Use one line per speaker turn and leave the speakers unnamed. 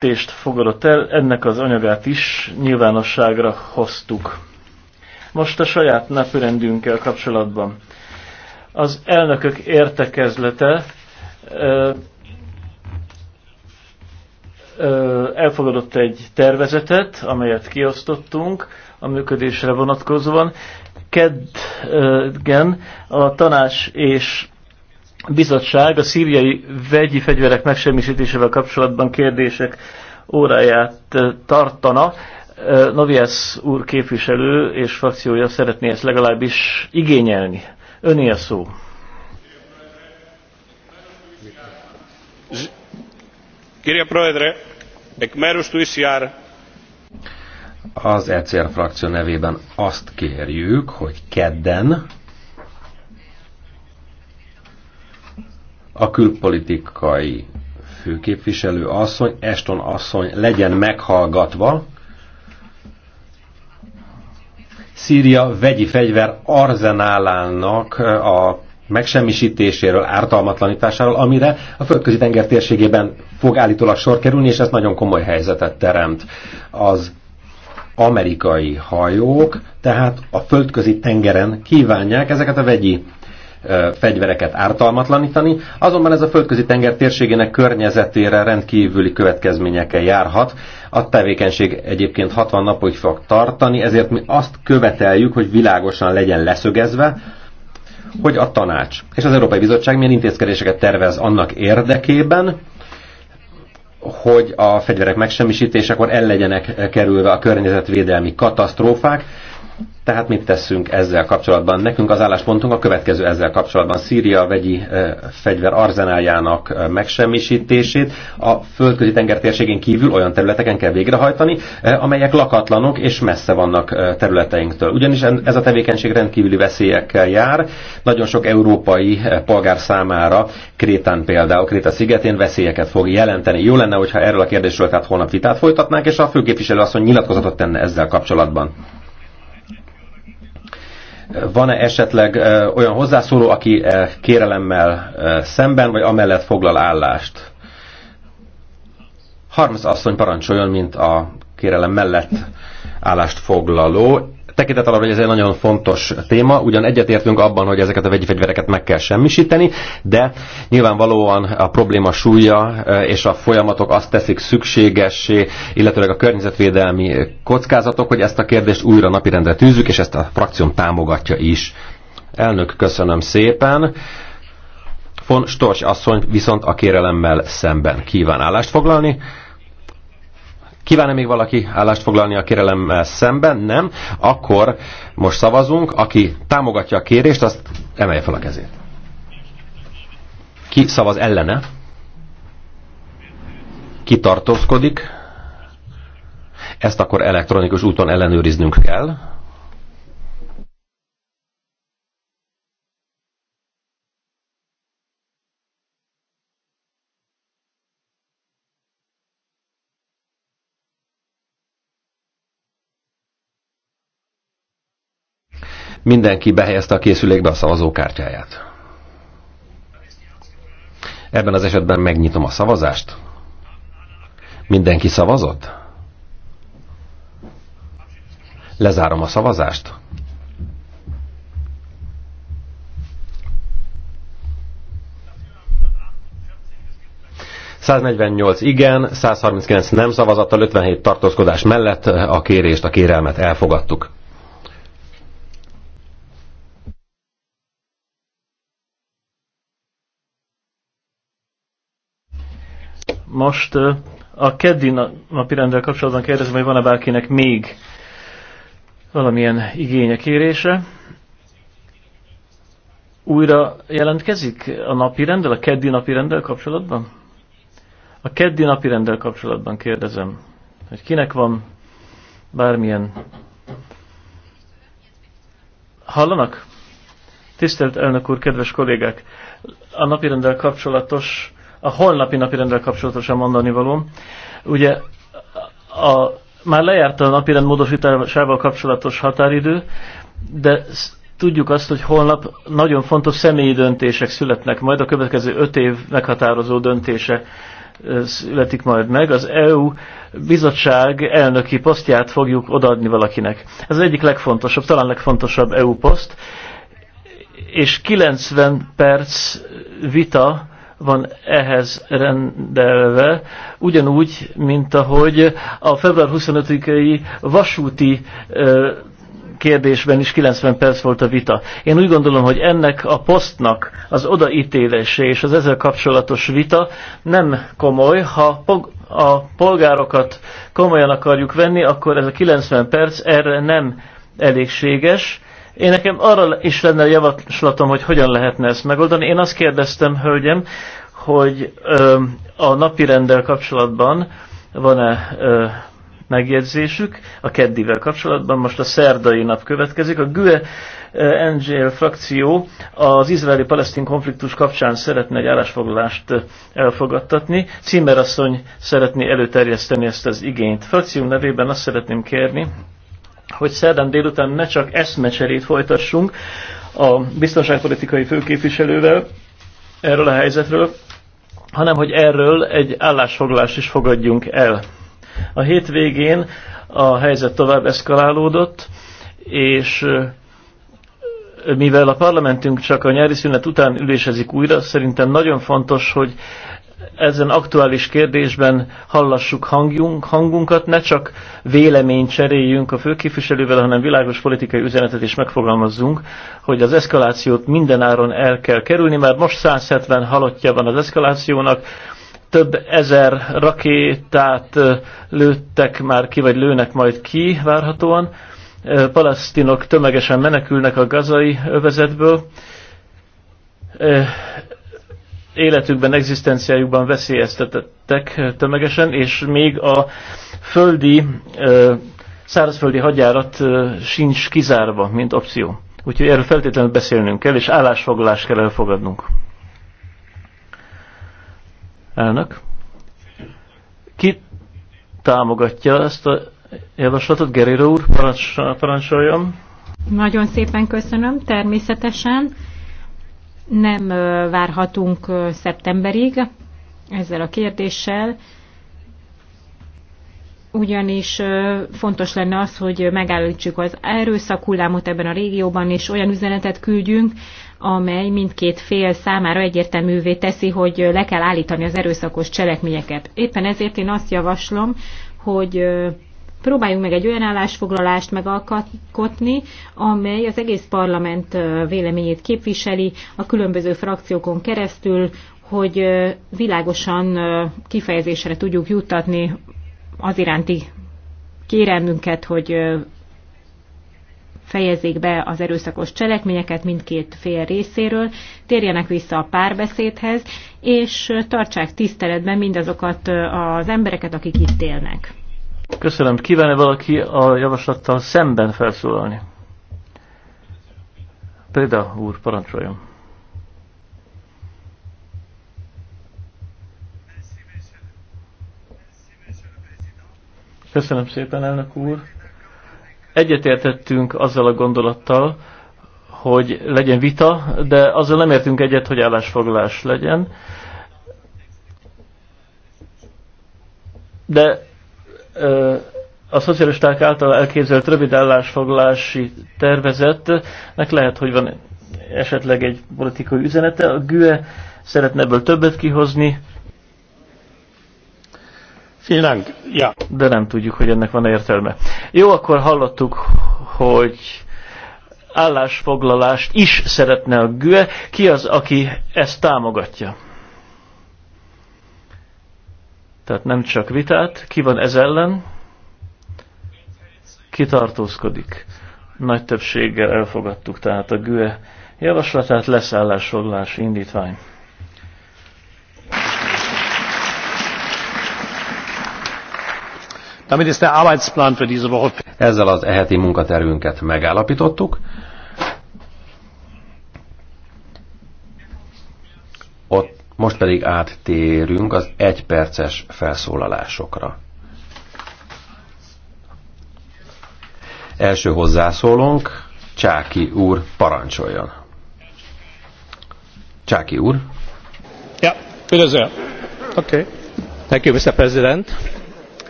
jelentést fogadott el, ennek az anyagát is nyilvánosságra hoztuk. Most a saját napirendünkkel kapcsolatban. Az elnökök értekezlete ö, ö, elfogadott egy tervezetet, amelyet kiosztottunk a működésre vonatkozóan. kedgen a tanács és bizottság a szíriai vegyi fegyverek megsemmisítésével kapcsolatban kérdések óráját eh, tartana. Eh, Noviász úr képviselő és frakciója szeretné ezt legalábbis igényelni. Öné a szó.
Az ECR frakció nevében azt kérjük, hogy kedden a külpolitikai főképviselő asszony, Eston asszony legyen meghallgatva. Szíria vegyi fegyver arzenálának a megsemmisítéséről, ártalmatlanításáról, amire a földközi tenger térségében fog állítólag sor kerülni, és ez nagyon komoly helyzetet teremt. Az amerikai hajók, tehát a földközi tengeren kívánják ezeket a vegyi fegyvereket ártalmatlanítani, azonban ez a földközi tenger térségének környezetére rendkívüli következményekkel járhat. A tevékenység egyébként 60 napig fog tartani, ezért mi azt követeljük, hogy világosan legyen leszögezve, hogy a tanács és az Európai Bizottság milyen intézkedéseket tervez annak érdekében, hogy a fegyverek megsemmisítésekor el legyenek kerülve a környezetvédelmi katasztrófák, tehát mit teszünk ezzel kapcsolatban? Nekünk az álláspontunk a következő ezzel kapcsolatban. Szíria vegyi fegyver arzenáljának megsemmisítését a földközi tenger térségén kívül olyan területeken kell végrehajtani, amelyek lakatlanok és messze vannak területeinktől. Ugyanis ez a tevékenység rendkívüli veszélyekkel jár. Nagyon sok európai polgár számára Krétán például, Kréta szigetén veszélyeket fog jelenteni. Jó lenne, hogyha erről a kérdésről tehát holnap vitát folytatnánk, és a főképviselő asszony nyilatkozatot tenne ezzel kapcsolatban. Van-e esetleg olyan hozzászóló, aki kérelemmel szemben, vagy amellett foglal állást? Harms asszony parancsoljon, mint a kérelem mellett állást foglaló. Tekintet arra, hogy ez egy nagyon fontos téma, ugyan egyetértünk abban, hogy ezeket a vegyi fegyvereket meg kell semmisíteni, de nyilvánvalóan a probléma súlya eh, és a folyamatok azt teszik szükségessé, illetőleg a környezetvédelmi kockázatok, hogy ezt a kérdést újra napirendre tűzzük, és ezt a frakcióm támogatja is. Elnök, köszönöm szépen. Von Storch asszony viszont a kérelemmel szemben kíván állást foglalni. Kíván-e még valaki állást foglalni a kérelemmel eh, szemben? Nem. Akkor most szavazunk. Aki támogatja a kérést, azt emelje fel a kezét. Ki szavaz ellene? Ki tartózkodik? Ezt akkor elektronikus úton ellenőriznünk kell. Mindenki behelyezte a készülékbe a szavazókártyáját. Ebben az esetben megnyitom a szavazást. Mindenki szavazott? Lezárom a szavazást. ...148 igen, 139 nem szavazattal, 57 tartózkodás mellett a kérést, a kérelmet elfogadtuk.
Most a keddi napirendel kapcsolatban kérdezem, hogy van-e bárkinek még valamilyen igénye, kérése. Újra jelentkezik a napirendel, a keddi napirendel kapcsolatban? A keddi napirendel kapcsolatban kérdezem, hogy kinek van bármilyen... Hallanak? Tisztelt elnök úr, kedves kollégák! A napirendel kapcsolatos a holnapi napirendel kapcsolatosan mondani valóm. Ugye a, már lejárt a napirend módosításával kapcsolatos határidő, de tudjuk azt, hogy holnap nagyon fontos személyi döntések születnek, majd a következő öt év meghatározó döntése születik majd meg. Az EU bizottság elnöki posztját fogjuk odaadni valakinek. Ez az egyik legfontosabb, talán legfontosabb EU poszt, és 90 perc vita van ehhez rendelve, ugyanúgy, mint ahogy a február 25-i vasúti kérdésben is 90 perc volt a vita. Én úgy gondolom, hogy ennek a posztnak az odaítélése és az ezzel kapcsolatos vita nem komoly. Ha a polgárokat komolyan akarjuk venni, akkor ez a 90 perc erre nem elégséges. Én nekem arra is lenne javaslatom, hogy hogyan lehetne ezt megoldani. Én azt kérdeztem, hölgyem, hogy ö, a napi rendel kapcsolatban van-e ö, megjegyzésük a keddivel kapcsolatban, most a szerdai nap következik. A GUE NGL frakció az izraeli-palesztin konfliktus kapcsán szeretne egy állásfoglalást elfogadtatni. Címerasszony szeretné előterjeszteni ezt az igényt. Frakció nevében azt szeretném kérni, hogy szerdán délután ne csak eszmecserét folytassunk a biztonságpolitikai főképviselővel erről a helyzetről, hanem hogy erről egy állásfoglalást is fogadjunk el. A hétvégén a helyzet tovább eszkalálódott, és mivel a parlamentünk csak a nyári szünet után ülésezik újra, szerintem nagyon fontos, hogy ezen aktuális kérdésben hallassuk hangjunk, hangunkat, ne csak véleményt cseréljünk a főképviselővel, hanem világos politikai üzenetet is megfogalmazzunk, hogy az eszkalációt mindenáron el kell kerülni, mert most 170 halottja van az eszkalációnak, több ezer rakétát lőttek már ki, vagy lőnek majd ki várhatóan. Palesztinok tömegesen menekülnek a gazai övezetből életükben, egzisztenciájukban veszélyeztetettek tömegesen, és még a földi, szárazföldi hadjárat sincs kizárva, mint opció. Úgyhogy erről feltétlenül beszélnünk kell, és állásfoglalást kell elfogadnunk. Elnök. Ki támogatja ezt a javaslatot? Gerira úr, parancsoljam.
Nagyon szépen köszönöm, természetesen nem várhatunk szeptemberig ezzel a kérdéssel, ugyanis fontos lenne az, hogy megállítsuk az erőszak hullámot ebben a régióban, és olyan üzenetet küldjünk, amely mindkét fél számára egyértelművé teszi, hogy le kell állítani az erőszakos cselekményeket. Éppen ezért én azt javaslom, hogy próbáljunk meg egy olyan állásfoglalást megalkotni, amely az egész parlament véleményét képviseli a különböző frakciókon keresztül, hogy világosan kifejezésre tudjuk juttatni az iránti kérelmünket, hogy fejezzék be az erőszakos cselekményeket mindkét fél részéről, térjenek vissza a párbeszédhez, és tartsák tiszteletben mindazokat az embereket, akik itt élnek.
Köszönöm. Kíván-e valaki a javaslattal szemben felszólalni? Preda úr, parancsoljon. Köszönöm szépen, elnök úr. Egyetértettünk azzal a gondolattal, hogy legyen vita, de azzal nem értünk egyet, hogy állásfoglalás legyen. De a szocialisták által elképzelt rövid állásfoglalási tervezetnek lehet, hogy van esetleg egy politikai üzenete. A GÜE szeretne ebből többet kihozni. ja. De nem tudjuk, hogy ennek van -e értelme. Jó, akkor hallottuk, hogy állásfoglalást is szeretne a GÜE. Ki az, aki ezt támogatja? Tehát nem csak vitát. Ki van ez ellen? Kitartózkodik. Nagy többséggel elfogadtuk tehát a GÜE javaslatát, leszállásfoglalás indítvány.
Damit ist der Arbeitsplan für diese Woche. Ezzel az eheti munkatervünket megállapítottuk. Most pedig áttérünk az egyperces felszólalásokra. Első hozzászólónk, Csáki úr, parancsoljon. Csáki úr. Ja, üdvözlöm. Oké. Okay. Thank you, Mr. President